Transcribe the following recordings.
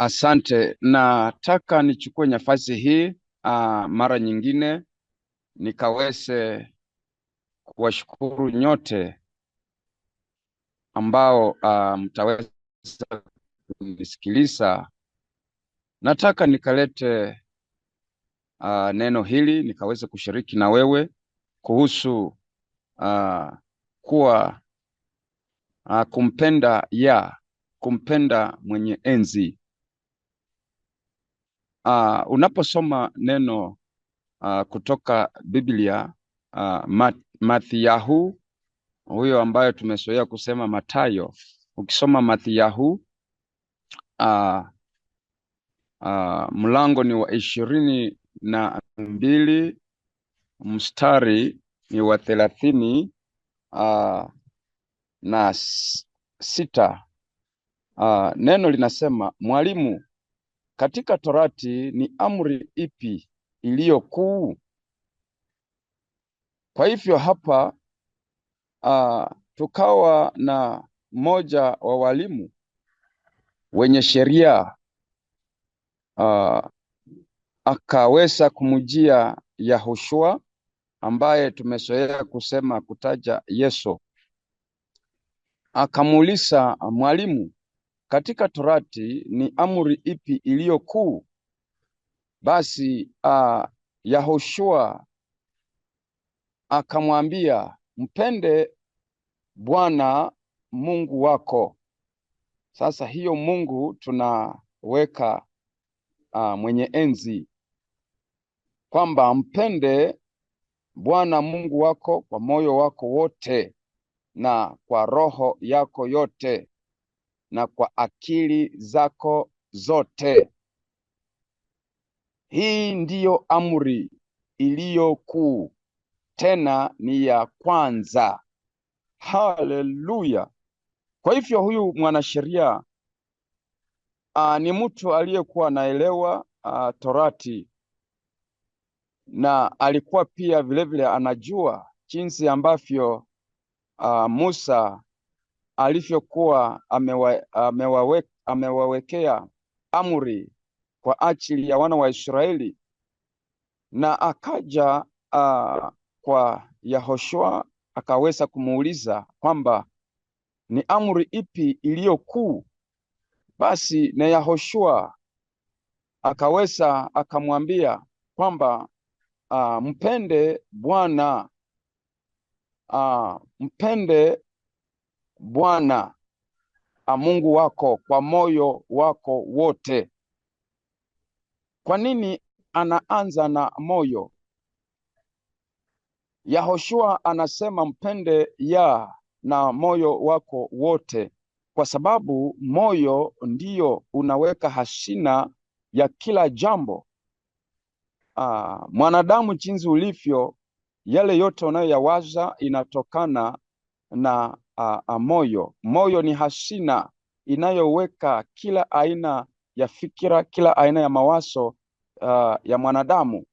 Asante. Nataka nichukue nafasi hii uh, mara nyingine nikaweze kuwashukuru nyote ambao uh, mtaweza kunisikiliza. Nataka nikalete uh, neno hili nikaweze kushiriki na wewe kuhusu uh, kuwa uh, kumpenda ya kumpenda mwenye enzi uh, unaposoma neno uh, kutoka Biblia uh, Mat Mathiyahu huyo ambayo tumesoea kusema Matayo, ukisoma Mathiyahu uh, uh, mlango ni wa ishirini na mbili mstari ni wa thelathini uh, na sita uh, neno linasema mwalimu katika Torati ni amri ipi iliyo kuu? Kwa hivyo hapa uh, tukawa na mmoja wa walimu wenye sheria uh, akaweza kumjia Yahushua ambaye tumezoea kusema kutaja Yesu, akamuuliza mwalimu, katika Torati ni amri ipi iliyo kuu? Basi uh, Yahoshua akamwambia mpende Bwana Mungu wako. Sasa hiyo Mungu tunaweka uh, mwenye enzi kwamba mpende Bwana Mungu wako kwa moyo wako wote na kwa roho yako yote na kwa akili zako zote. Hii ndiyo amri iliyo kuu, tena ni ya kwanza. Haleluya! Kwa hivyo huyu mwanasheria uh, ni mtu aliyekuwa anaelewa uh, Torati na alikuwa pia vilevile vile anajua jinsi ambavyo uh, Musa alivyokuwa amewa, amewawe, amewawekea amri kwa ajili ya wana wa Israeli na akaja uh, kwa Yahoshua akaweza kumuuliza kwamba ni amri ipi iliyokuu? Basi na Yahoshua akaweza akamwambia kwamba uh, mpende Bwana uh, mpende Bwana Mungu wako kwa moyo wako wote. Kwa nini anaanza na moyo? Yahoshua anasema mpende ya na moyo wako wote, kwa sababu moyo ndio unaweka hasina ya kila jambo. Aa, mwanadamu jinsi ulivyo, yale yote unayoyawaza inatokana na a, a moyo. Moyo ni hasina inayoweka kila aina ya fikira, kila aina ya mawazo uh, ya mwanadamu.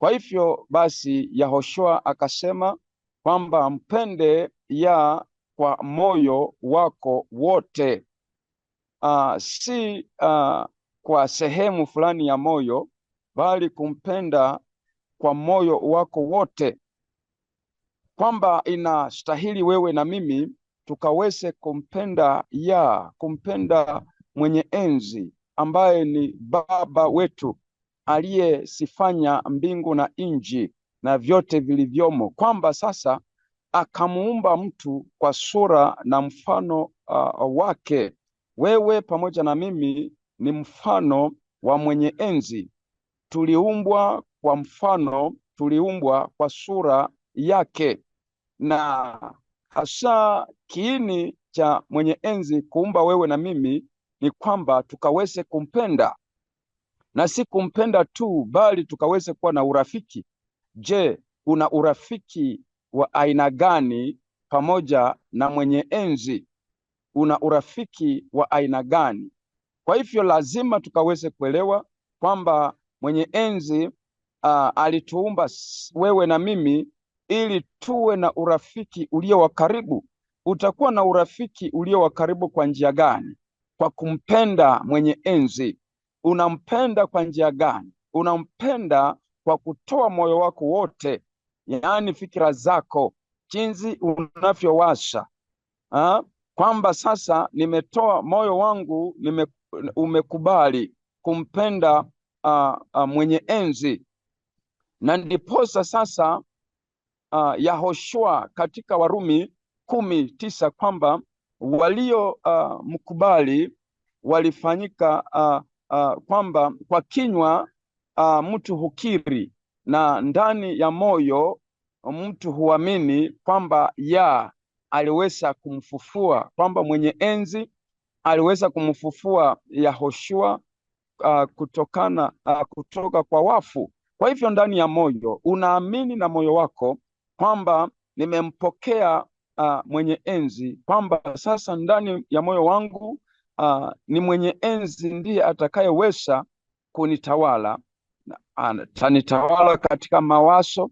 Kwa hivyo basi, Yahoshua akasema kwamba mpende ya kwa moyo wako wote, uh, si uh, kwa sehemu fulani ya moyo, bali kumpenda kwa moyo wako wote, kwamba inastahili wewe na mimi tukaweze kumpenda ya kumpenda mwenye enzi ambaye ni Baba wetu aliyesifanya mbingu na nji na vyote vilivyomo, kwamba sasa akamuumba mtu kwa sura na mfano uh, wake. Wewe pamoja na mimi ni mfano wa mwenye enzi, tuliumbwa kwa mfano, tuliumbwa kwa sura yake, na hasa kiini cha mwenye enzi kuumba wewe na mimi ni kwamba tukaweze kumpenda na si kumpenda tu, bali tukaweze kuwa na urafiki. Je, una urafiki wa aina gani pamoja na mwenye enzi? Una urafiki wa aina gani? Kwa hivyo lazima tukaweze kuelewa kwamba mwenye enzi uh, alituumba wewe na mimi ili tuwe na urafiki ulio wa karibu Utakuwa na urafiki ulio wa karibu kwa njia gani? Kwa kumpenda mwenye enzi. Unampenda kwa njia gani? Unampenda kwa kutoa moyo wako wote, yaani fikira zako, jinsi unavyowasha kwamba sasa nimetoa moyo wangu nime, umekubali kumpenda uh, uh, mwenye enzi na ndiposa sasa uh, Yahoshua katika Warumi kumi tisa kwamba walio uh, walifanyika uh, uh, kwamba kwa kinywa uh, mtu hukiri na ndani ya moyo mtu huamini kwamba ya aliweza kumfufua, kwamba mwenye enzi aliweza kumfufua Yahoshua uh, kutokana uh, kutoka kwa wafu. Kwa hivyo ndani ya moyo unaamini na moyo wako kwamba nimempokea uh, mwenye enzi, kwamba sasa ndani ya moyo wangu uh, ni mwenye enzi ndiye atakayeweza kunitawala. Atanitawala katika mawazo,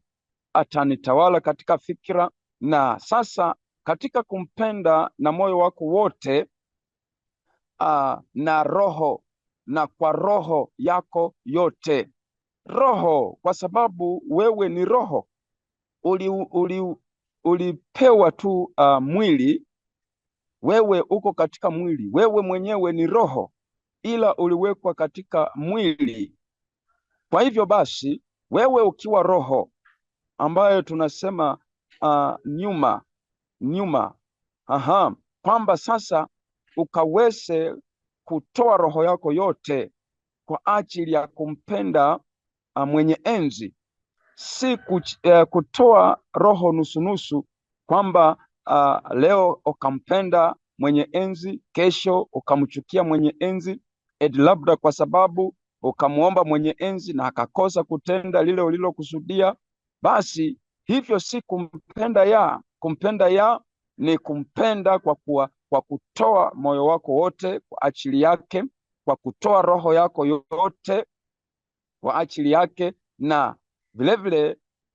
atanitawala katika fikira. Na sasa katika kumpenda na moyo wako wote uh, na roho na kwa roho yako yote roho, kwa sababu wewe ni roho uli, uli, ulipewa tu uh, mwili. Wewe uko katika mwili, wewe mwenyewe ni roho, ila uliwekwa katika mwili. Kwa hivyo basi, wewe ukiwa roho ambayo tunasema uh, nyuma nyuma, aha, kwamba sasa ukaweze kutoa roho yako yote kwa ajili ya kumpenda uh, mwenye enzi si eh, kutoa roho nusunusu kwamba uh, leo ukampenda mwenye enzi, kesho ukamchukia mwenye enzi, ed labda kwa sababu ukamwomba mwenye enzi na akakosa kutenda lile ulilokusudia. Basi hivyo si kumpenda ya kumpenda ya ni kumpenda kwa kuwa, kwa kutoa moyo wako wote kwa ajili yake, kwa kutoa roho yako yote kwa ajili yake na vilevile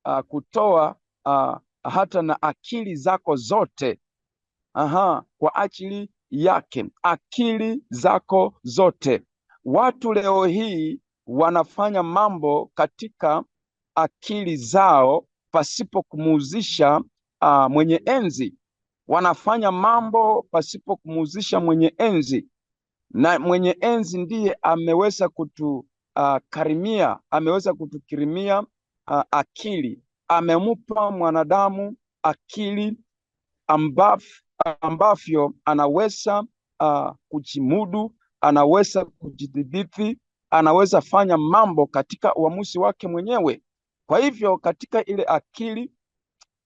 uh, ah, kutoa uh, hata na akili zako zote aha, kwa ajili yake, akili zako zote. Watu leo hii wanafanya mambo katika akili zao pasipo kumuuzisha uh, mwenye enzi, wanafanya mambo pasipo kumuuzisha mwenye enzi, na mwenye enzi ndiye ameweza kutukarimia, uh, ameweza kutukirimia uh, akili. Amempa mwanadamu akili ambaf, ambavyo anaweza uh, kujimudu, anaweza kujidhibiti, anaweza fanya mambo katika uamuzi wake mwenyewe. Kwa hivyo katika ile akili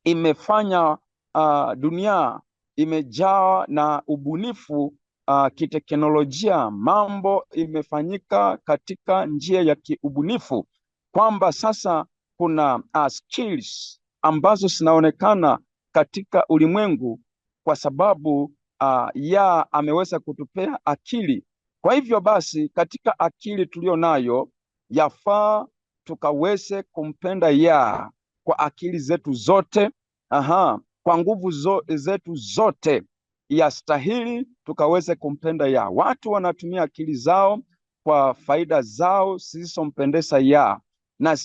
imefanya uh, dunia imejaa na ubunifu uh, kiteknolojia. Mambo imefanyika katika njia ya kiubunifu, kwamba sasa kuna uh, skills ambazo zinaonekana katika ulimwengu kwa sababu uh, ya ameweza kutupea akili. Kwa hivyo basi, katika akili tuliyo nayo yafaa tukaweze kumpenda ya kwa akili zetu zote, aha, kwa nguvu zo, zetu zote yastahili tukaweze kumpenda ya. Watu wanatumia akili zao kwa faida zao zisizompendeza ya na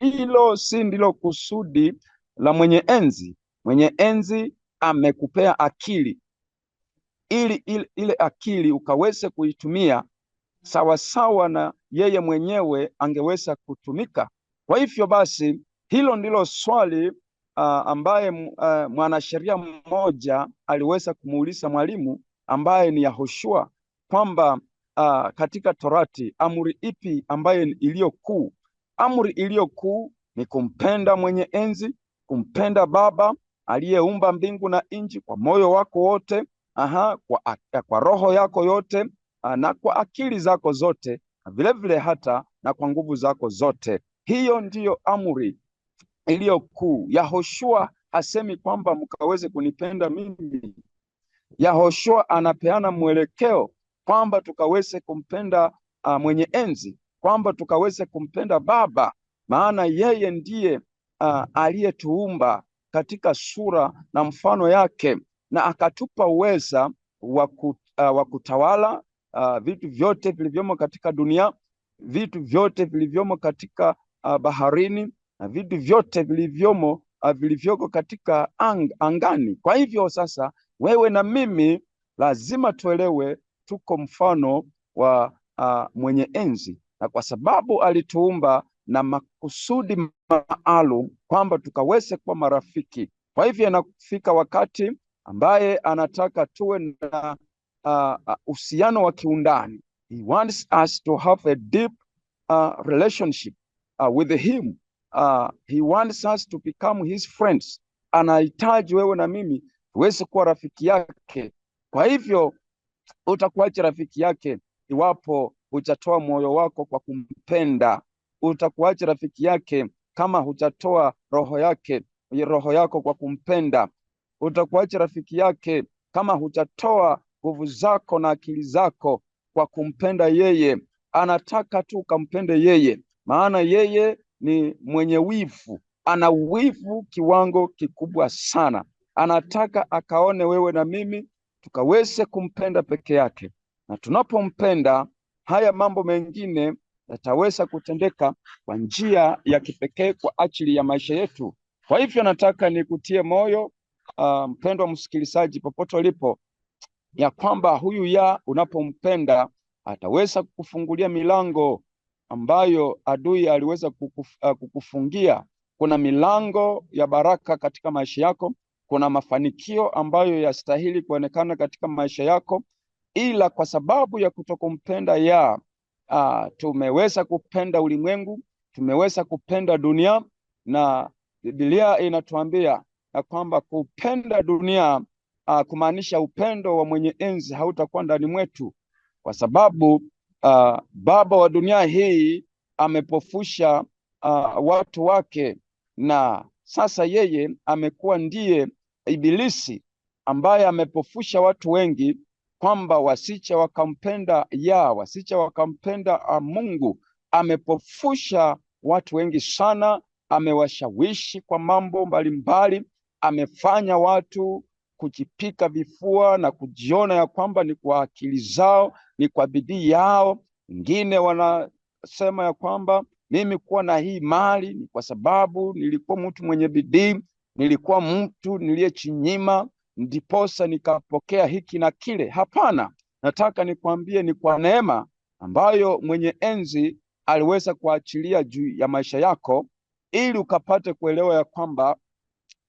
hilo si ndilo kusudi la mwenye enzi. Mwenye enzi amekupea akili ili ile, ile akili ukaweze kuitumia sawa sawa na yeye mwenyewe angeweza kutumika. Kwa hivyo basi, hilo ndilo swali uh, ambaye uh, mwanasheria mmoja aliweza kumuuliza mwalimu ambaye ni Yahoshua kwamba uh, katika Torati amri ipi ambayo iliyo kuu Amri iliyo kuu ni kumpenda mwenye enzi, kumpenda Baba aliyeumba mbingu na nchi kwa moyo wako wote, aha, kwa, eh, kwa roho yako yote ah, na kwa akili zako zote na vilevile hata na kwa nguvu zako zote. Hiyo ndiyo amri iliyo kuu. Yahoshua hasemi kwamba mkaweze kunipenda mimi. Yahoshua anapeana mwelekeo kwamba tukaweze kumpenda uh, mwenye enzi kwamba tukaweze kumpenda Baba, maana yeye ndiye uh, aliyetuumba katika sura na mfano yake na akatupa uweza wa uh, kutawala uh, vitu vyote vilivyomo katika dunia, vitu vyote vilivyomo katika uh, baharini na vitu vyote vilivyomo uh, vilivyoko katika ang, angani. Kwa hivyo sasa, wewe na mimi lazima tuelewe tuko mfano wa uh, mwenye enzi na kwa sababu alituumba na makusudi maalum kwamba tukaweze kuwa marafiki. Kwa hivyo inafika wakati ambaye anataka tuwe na uhusiano wa kiundani. He wants us to have a deep uh, relationship uh, with him. Uh, he wants us to become his friends. Anahitaji wewe na mimi tuweze kuwa rafiki yake. Kwa hivyo utakuwaje rafiki yake iwapo hujatoa moyo wako kwa kumpenda, utakuacha rafiki yake kama hujatoa roho yake roho yako kwa kumpenda. Utakuacha rafiki yake kama hujatoa nguvu zako na akili zako kwa kumpenda yeye. Anataka tu ukampende yeye, maana yeye ni mwenye wivu, ana wivu kiwango kikubwa sana. Anataka akaone wewe na mimi tukaweze kumpenda peke yake, na tunapompenda haya mambo mengine yataweza kutendeka kwa njia ya kipekee kwa ajili ya maisha yetu. Kwa hivyo nataka nikutie moyo ah, mpendwa, um, msikilizaji popote ulipo, ya kwamba huyu ya unapompenda ataweza kukufungulia milango ambayo adui aliweza kukuf, uh, ah, kukufungia. Kuna milango ya baraka katika maisha yako, kuna mafanikio ambayo yastahili kuonekana katika maisha yako, ila kwa sababu ya kutokumpenda ya a, tumeweza kupenda ulimwengu, tumeweza kupenda dunia, na Biblia inatuambia ya kwamba kupenda dunia a, kumaanisha upendo wa mwenye enzi hautakuwa ndani mwetu, kwa sababu a, baba wa dunia hii amepofusha a, watu wake, na sasa yeye amekuwa ndiye Ibilisi ambaye amepofusha watu wengi kwamba wasicha wakampenda ya wasicha wakampenda ah, Mungu. Amepofusha watu wengi sana, amewashawishi kwa mambo mbalimbali mbali. Amefanya watu kujipika vifua na kujiona ya kwamba ni kwa akili zao, ni kwa bidii yao. Wengine wanasema ya kwamba mimi kuwa na hii mali ni kwa sababu nilikuwa mtu mwenye bidii, nilikuwa mtu niliyechinyima, ndiposa nikapokea hiki na kile. Hapana, nataka nikwambie ni kwa neema ambayo mwenye enzi aliweza kuachilia juu ya maisha yako, ili ukapate kuelewa ya kwamba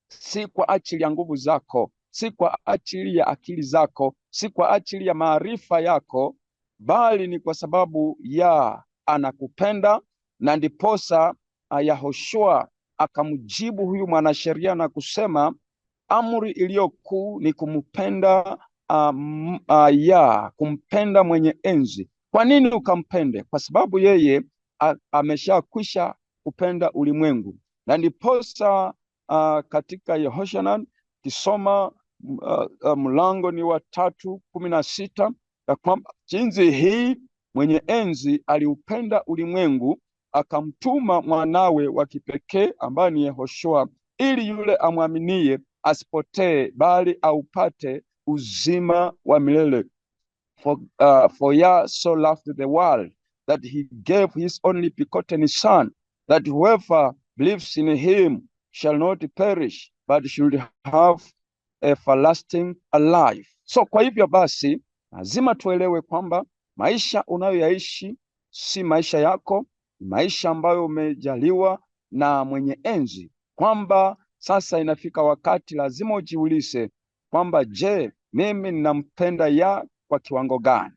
si kwa ajili ya nguvu zako, si kwa ajili ya akili zako, si kwa ajili ya maarifa yako, bali ni kwa sababu ya anakupenda. Na ndiposa ah, Yahoshua akamjibu huyu mwanasheria na kusema amri iliyokuu ni kumpenda um, uh, ya kumpenda mwenye enzi. Kwa nini ukampende? Kwa sababu yeye ah, ameshakwisha kupenda ulimwengu, na ndiposa uh, katika Yehoshana kisoma uh, mlango ni wa tatu kumi na sita ya kwamba jinsi hii mwenye enzi aliupenda ulimwengu akamtuma mwanawe wa kipekee ambaye ni Yehoshua ili yule amwaminie asipotee, bali aupate uzima wa milele. For, uh, for Yah so loved the world that he gave his only begotten Son, that whoever believes in him shall not perish but should have everlasting life. So kwa hivyo basi lazima tuelewe kwamba maisha unayoyaishi si maisha yako, maisha ambayo umejaliwa na mwenye enzi, kwamba sasa inafika wakati lazima ujiulize kwamba je, mimi ninampenda ya kwa kiwango gani?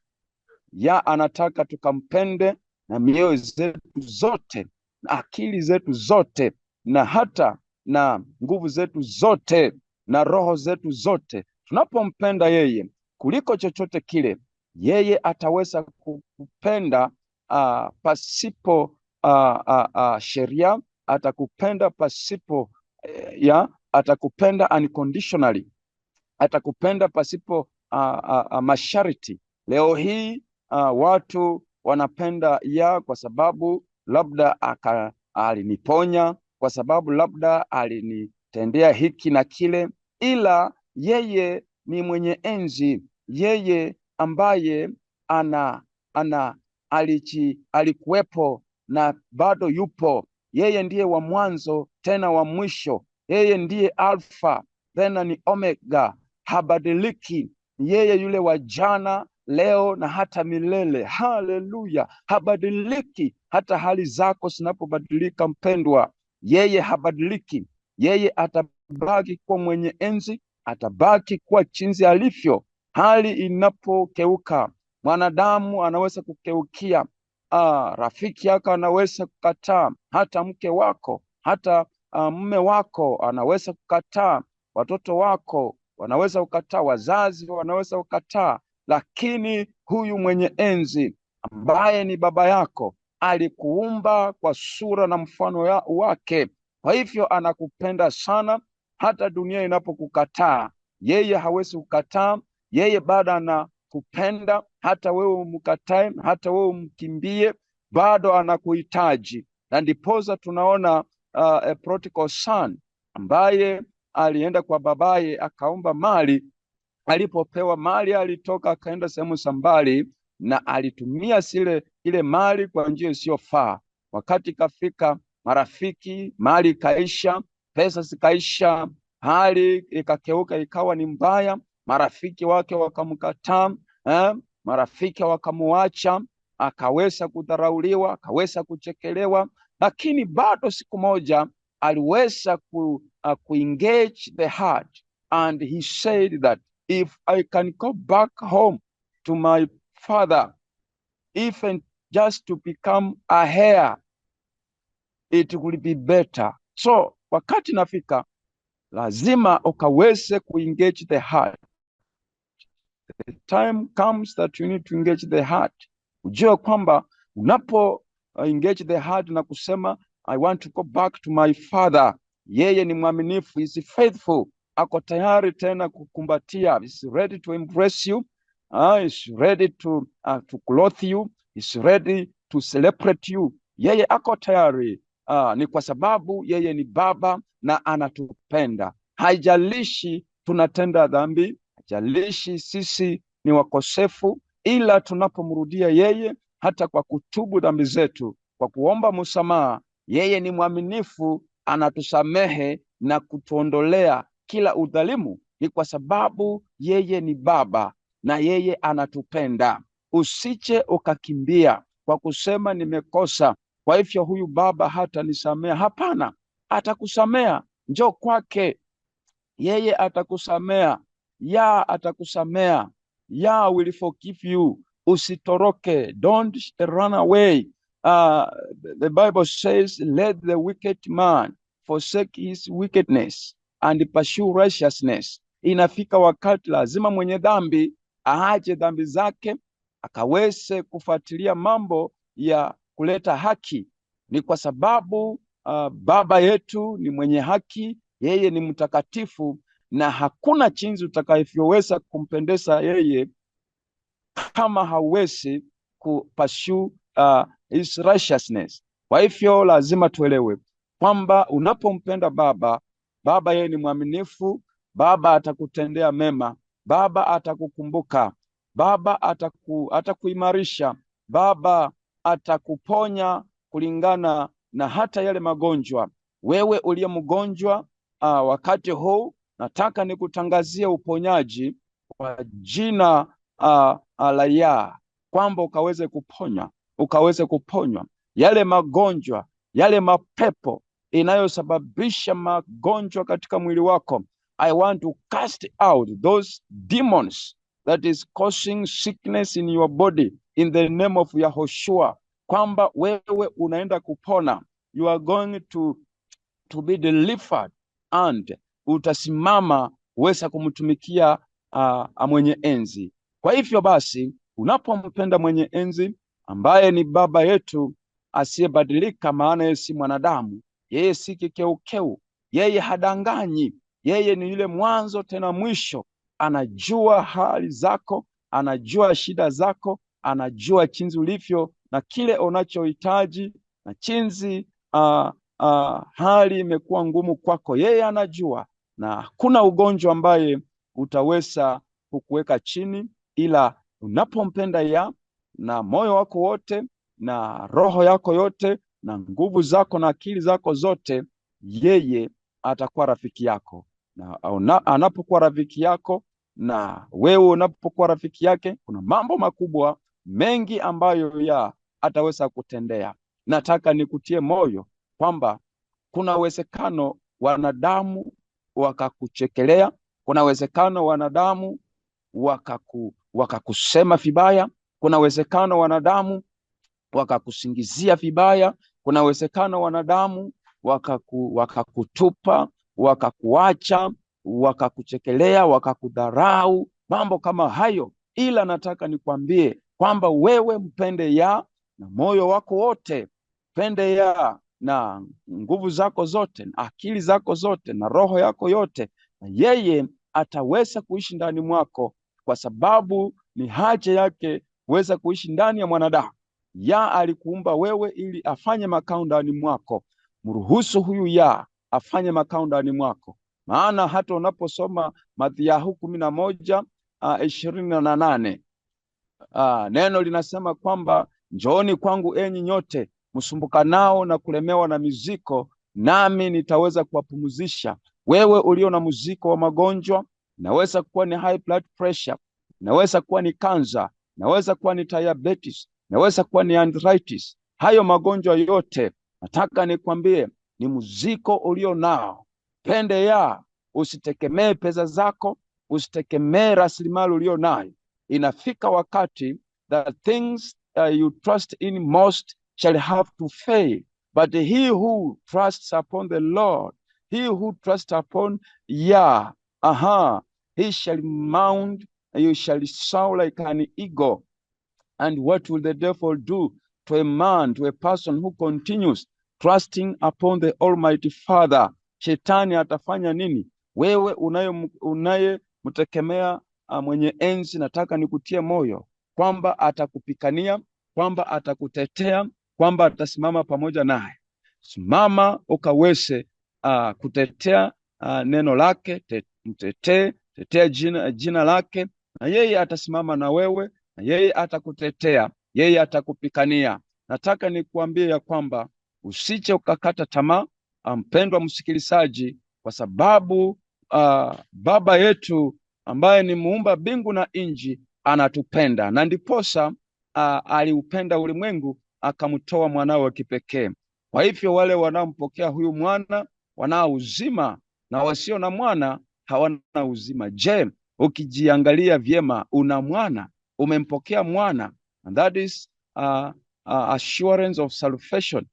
Ya anataka tukampende na mioyo zetu zote na akili zetu zote na hata na nguvu zetu zote na roho zetu zote. Tunapompenda yeye kuliko chochote kile, yeye ataweza kukupenda uh, pasipo uh, uh, uh, sheria. Atakupenda pasipo Eh, ya atakupenda unconditionally, atakupenda pasipo uh, uh, uh, masharti. Leo hii uh, watu wanapenda ya kwa sababu labda aka, aliniponya kwa sababu labda alinitendea hiki na kile, ila yeye ni mwenye enzi, yeye ambaye ana ana alichi alikuwepo na bado yupo yeye ndiye wa mwanzo tena wa mwisho, yeye ndiye Alfa tena ni Omega, habadiliki. Yeye yule wa jana, leo na hata milele. Haleluya! Habadiliki hata hali zako zinapobadilika, mpendwa, yeye habadiliki. Yeye atabaki kuwa mwenye enzi, atabaki kuwa chinzi alivyo. Hali inapokeuka, mwanadamu anaweza kukeukia Aa, ah, rafiki yako anaweza kukataa, hata mke wako, hata uh, mume wako anaweza kukataa, watoto wako wanaweza kukataa, wazazi wanaweza kukataa, lakini huyu mwenye enzi ambaye ni baba yako alikuumba kwa sura na mfano wake. Kwa hivyo anakupenda sana, hata dunia inapokukataa yeye hawezi kukataa. Yeye bado anakupenda, hata wewe umkatae, hata wewe umkimbie, bado anakuhitaji. Na ndipoza tunaona uh, prodigal son ambaye alienda kwa babaye akaomba mali. Alipopewa mali, alitoka akaenda sehemu za mbali na alitumia sile ile mali kwa njia isiyofaa. Wakati ikafika, marafiki, mali ikaisha, pesa zikaisha, hali ikakeuka ikawa ni mbaya, marafiki wake wakamkataa eh, marafiki wakamuacha, akaweza kudharauliwa, akaweza kuchekelewa, lakini bado siku moja aliweza ku, uh, kuengage the heart and he said that if I can go back home to my father even just to become a heir it would be better. So wakati nafika lazima ukaweze kuengage the heart the time comes that you need to engage the heart. Ujue kwamba unapo uh, engage the heart na kusema I want to go back to my father, yeye ni mwaminifu, is faithful, ako tayari tena kukumbatia, is ready to embrace you, uh, is ready to, uh, to clothe you, is ready to celebrate you, yeye ako tayari uh, ni kwa sababu yeye ni baba na anatupenda, haijalishi tunatenda dhambi Haijalishi sisi ni wakosefu, ila tunapomrudia yeye hata kwa kutubu dhambi zetu, kwa kuomba msamaha, yeye ni mwaminifu, anatusamehe na kutuondolea kila udhalimu. Ni kwa sababu yeye ni Baba na yeye anatupenda. usiche ukakimbia kwa kusema nimekosa, kwa hivyo huyu baba hatanisamea. Hapana, atakusamea. Njoo kwake, yeye atakusamea ya atakusamea. ya will forgive you. Usitoroke, don't run away. Uh, the Bible says let the wicked man forsake his wickedness and pursue righteousness. Inafika wakati lazima mwenye dhambi aache dhambi zake akaweze kufuatilia mambo ya kuleta haki. Ni kwa sababu uh, Baba yetu ni mwenye haki, yeye ni mtakatifu na hakuna chinzi utakavyoweza kumpendeza yeye kama hauwezi kupashu uh, his righteousness. Kwa hivyo lazima tuelewe kwamba unapompenda Baba, Baba yeye ni mwaminifu, Baba atakutendea mema, Baba atakukumbuka, Baba ataku, atakuimarisha, Baba atakuponya kulingana na hata yale magonjwa. Wewe uliye mgonjwa uh, wakati huu Nataka nikutangazia uponyaji kwa jina uh, la kwamba ukaweze kuponya, ukaweze kuponywa yale magonjwa, yale mapepo inayosababisha magonjwa katika mwili wako. I want to cast out those demons that is causing sickness in your body in the name of Yahoshua, kwamba wewe unaenda kupona, you are going to to be delivered and utasimama uweza kumtumikia uh, mwenye enzi. Kwa hivyo basi, unapompenda mwenye enzi ambaye ni Baba yetu asiyebadilika, maana yeye si mwanadamu, yeye si kikeukeu, yeye hadanganyi, yeye ni yule mwanzo tena mwisho. Anajua hali zako, anajua shida zako, anajua chinzi ulivyo na kile unachohitaji na chinzi uh, uh, hali imekuwa ngumu kwako, yeye anajua na hakuna ugonjwa ambaye utaweza kukuweka chini, ila unapompenda ya na moyo wako wote na roho yako yote na nguvu zako na akili zako zote, yeye atakuwa rafiki yako, na anapokuwa rafiki yako na wewe unapokuwa rafiki yake, kuna mambo makubwa mengi ambayo ya ataweza kutendea. Nataka nikutie moyo kwamba kuna uwezekano wanadamu wakakuchekelea, kuna uwezekano wanadamu wakaku wakakusema vibaya, kuna uwezekano wanadamu wakakusingizia vibaya, kuna uwezekano wanadamu wakaku, wakakutupa wakakuacha wakakuchekelea wakakudharau, mambo kama hayo. Ila nataka nikwambie kwamba wewe mpende ya na moyo wako wote, mpende ya na nguvu zako zote na akili zako zote na roho yako yote, na yeye ataweza kuishi ndani mwako, kwa sababu ni haja yake kuweza kuishi ndani ya mwanadamu. Ya alikuumba wewe ili afanye makao ndani mwako. Mruhusu huyu ya afanye makao ndani mwako, maana hata unaposoma Mathayo kumi na moja ah, ishirini na nane ah, neno linasema kwamba njooni kwangu enyi nyote msumbukanao na kulemewa na miziko, nami nitaweza kuwapumuzisha. Wewe ulio na mziko wa magonjwa, naweza kuwa ni high blood pressure, naweza kuwa ni kansa, naweza kuwa ni diabetes, naweza kuwa ni arthritis. Hayo magonjwa yote nataka nikwambie ni mziko ulio nao. Pende ya usitegemee pesa zako, usitegemee rasilimali ulio nayo. Inafika wakati the things uh, you trust in most shall have to fail. But he who trusts upon the Lord, he who trusts upon Yah, aha, he shall mount, and you shall soar like an eagle. And what will the devil do to a man, to a person who continues trusting upon the Almighty Father? Shetani atafanya nini? Wewe unayemtegemea unaye ah, mwenye enzi, nataka nikutie moyo kwamba atakupikania, kwamba atakutetea kwamba atasimama pamoja naye. Simama ukaweze uh, kutetea uh, neno lake, mtetee, tetea jina, jina lake, na yeye atasimama na wewe, na yeye atakutetea, yeye atakupikania. Nataka nikuambie ya kwamba usiche ukakata tamaa, ah, mpendwa msikilizaji, kwa sababu uh, Baba yetu ambaye ni muumba bingu na nchi anatupenda, na ndiposa uh, aliupenda ulimwengu akamtoa mwanawe wa kipekee. Kwa hivyo wale wanaompokea huyu mwana wanao uzima na wasio na mwana hawana uzima. Je, ukijiangalia vyema, una mwana, umempokea mwana, and that is uh, uh, assurance of salvation.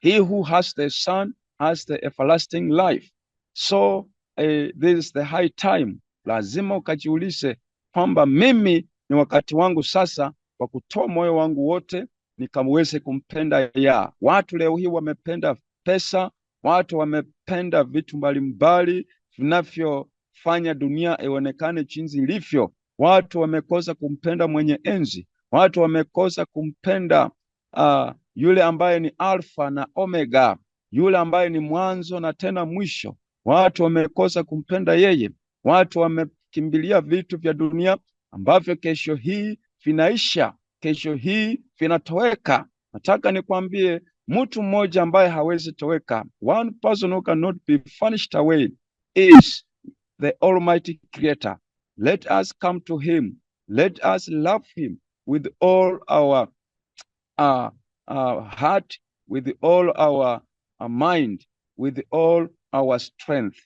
He who has the son has the everlasting life. So uh, this is the high time. Lazima ukajiulize kwamba mimi ni wakati wangu sasa wa kutoa moyo wangu wote nikamweze kumpenda ya watu. Leo hii wamependa pesa, watu wamependa vitu mbalimbali vinavyofanya dunia ionekane chinzi ilivyo. Watu wamekosa kumpenda mwenye enzi, watu wamekosa kumpenda uh, yule ambaye ni alfa na omega, yule ambaye ni mwanzo na tena mwisho. Watu wamekosa kumpenda yeye, watu wamekimbilia vitu vya dunia ambavyo kesho hii vinaisha kesho hii vinatoweka. Nataka nikwambie mtu mmoja ambaye hawezi toweka, one person who cannot be furnished away is the almighty creator. Let us come to him, let us love him with all our uh, uh, heart, with all our uh, mind, with all our strength.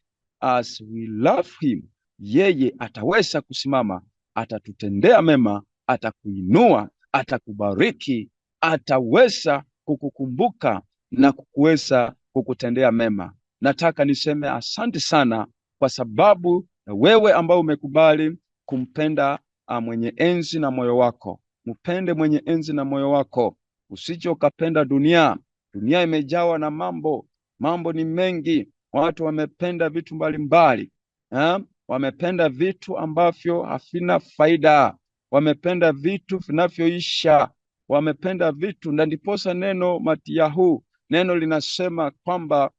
As we love him, yeye ataweza kusimama, atatutendea mema, atakuinua atakubariki, ataweza kukukumbuka na kukuweza kukutendea mema. Nataka niseme asante sana kwa sababu na wewe ambao umekubali kumpenda ah, mwenye enzi na moyo wako. Mpende mwenye enzi na moyo wako, usije ukapenda dunia. Dunia imejawa na mambo, mambo ni mengi. Watu wamependa vitu mbalimbali, ah, wamependa vitu ambavyo havina faida wamependa vitu vinavyoisha, wamependa vitu, na ndiposa neno matiyahu, neno linasema kwamba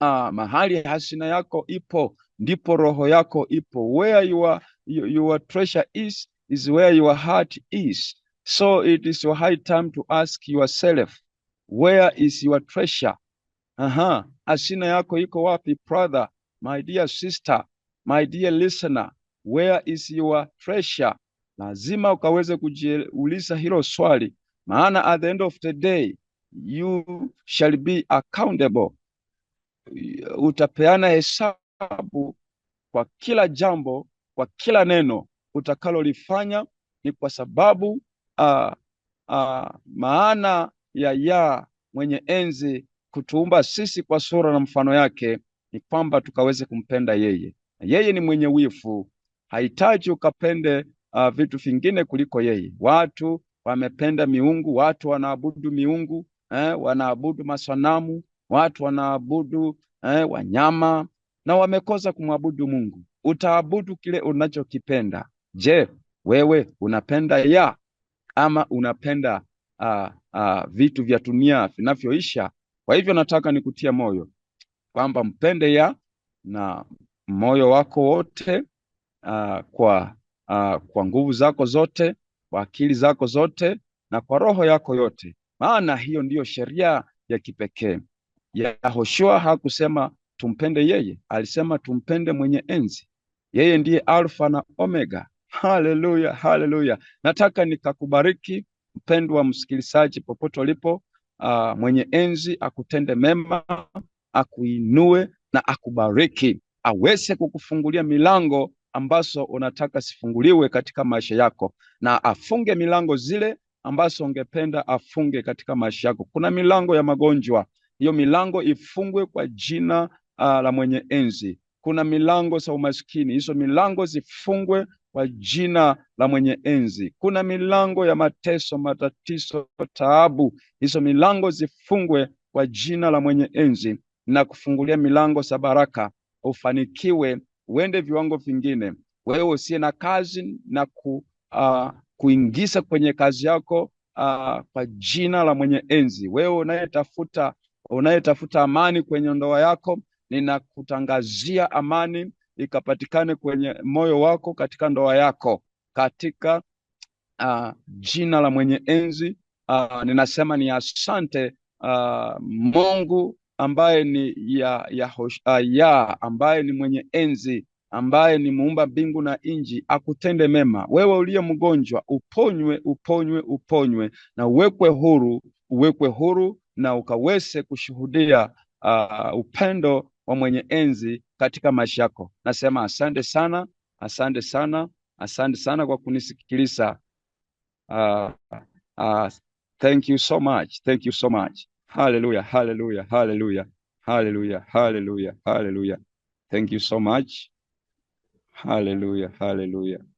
uh, mahali hazina yako ipo ndipo roho yako ipo. Where your, your treasure is is where your heart is. So it is your high time to ask yourself where is your treasure? Aha, hazina yako iko wapi brother? My dear sister, my dear listener, where is your treasure? lazima ukaweze kujiuliza hilo swali, maana at the end of the day you shall be accountable. Utapeana hesabu kwa kila jambo, kwa kila neno utakalolifanya. Ni kwa sababu uh, uh, maana ya ya mwenye enzi kutuumba sisi kwa sura na mfano yake ni kwamba tukaweze kumpenda yeye, na yeye ni mwenye wivu, hahitaji ukapende uh, vitu vingine kuliko yeye. Watu wamependa miungu, watu wanaabudu miungu eh, wanaabudu masanamu, watu wanaabudu eh, wanyama na wamekosa kumwabudu Mungu. Utaabudu kile unachokipenda. Je, wewe unapenda ya ama unapenda uh, uh, vitu vya dunia vinavyoisha? Kwa hivyo nataka nikutia moyo kwamba mpende ya na moyo wako wote uh, kwa uh, kwa nguvu zako zote, kwa akili zako zote na kwa roho yako yote, maana hiyo ndiyo sheria ya kipekee. Yahoshua hakusema tumpende yeye, alisema tumpende mwenye enzi. Yeye ndiye Alfa na Omega. Haleluya, haleluya! Nataka nikakubariki mpendwa msikilizaji, popote ulipo. Uh, mwenye enzi akutende mema, akuinue na akubariki, aweze kukufungulia milango ambazo unataka sifunguliwe katika maisha yako, na afunge milango zile ambazo ungependa afunge katika maisha yako. Kuna milango ya magonjwa, hiyo milango ifungwe kwa jina uh, la mwenye enzi. Kuna milango za umaskini, hizo milango zifungwe kwa jina la mwenye enzi. Kuna milango ya mateso, matatizo, taabu, hizo milango zifungwe kwa jina la mwenye enzi, na kufungulia milango za baraka, ufanikiwe uende viwango vingine. Wewe usiye na kazi na ku, uh, kuingiza kwenye kazi yako uh, kwa jina la mwenye enzi. Wewe unayetafuta unayetafuta amani kwenye ndoa yako, ninakutangazia amani ikapatikane kwenye moyo wako, katika ndoa yako, katika uh, jina la mwenye enzi. Uh, ninasema ni asante uh, Mungu ambaye ni ya, ya, hosh, uh, ah, ya ambaye ni mwenye enzi ambaye ni muumba mbingu na nji akutende mema. Wewe uliye mgonjwa uponywe, uponywe, uponywe na uwekwe huru, uwekwe huru na ukaweze kushuhudia uh, upendo wa mwenye enzi katika maisha yako. Nasema asante sana, asante sana, asante sana kwa kunisikiliza. Uh, uh, thank you so much, thank you so much. Hallelujah, hallelujah, hallelujah, hallelujah, hallelujah, hallelujah. Thank you so much. Hallelujah, hallelujah.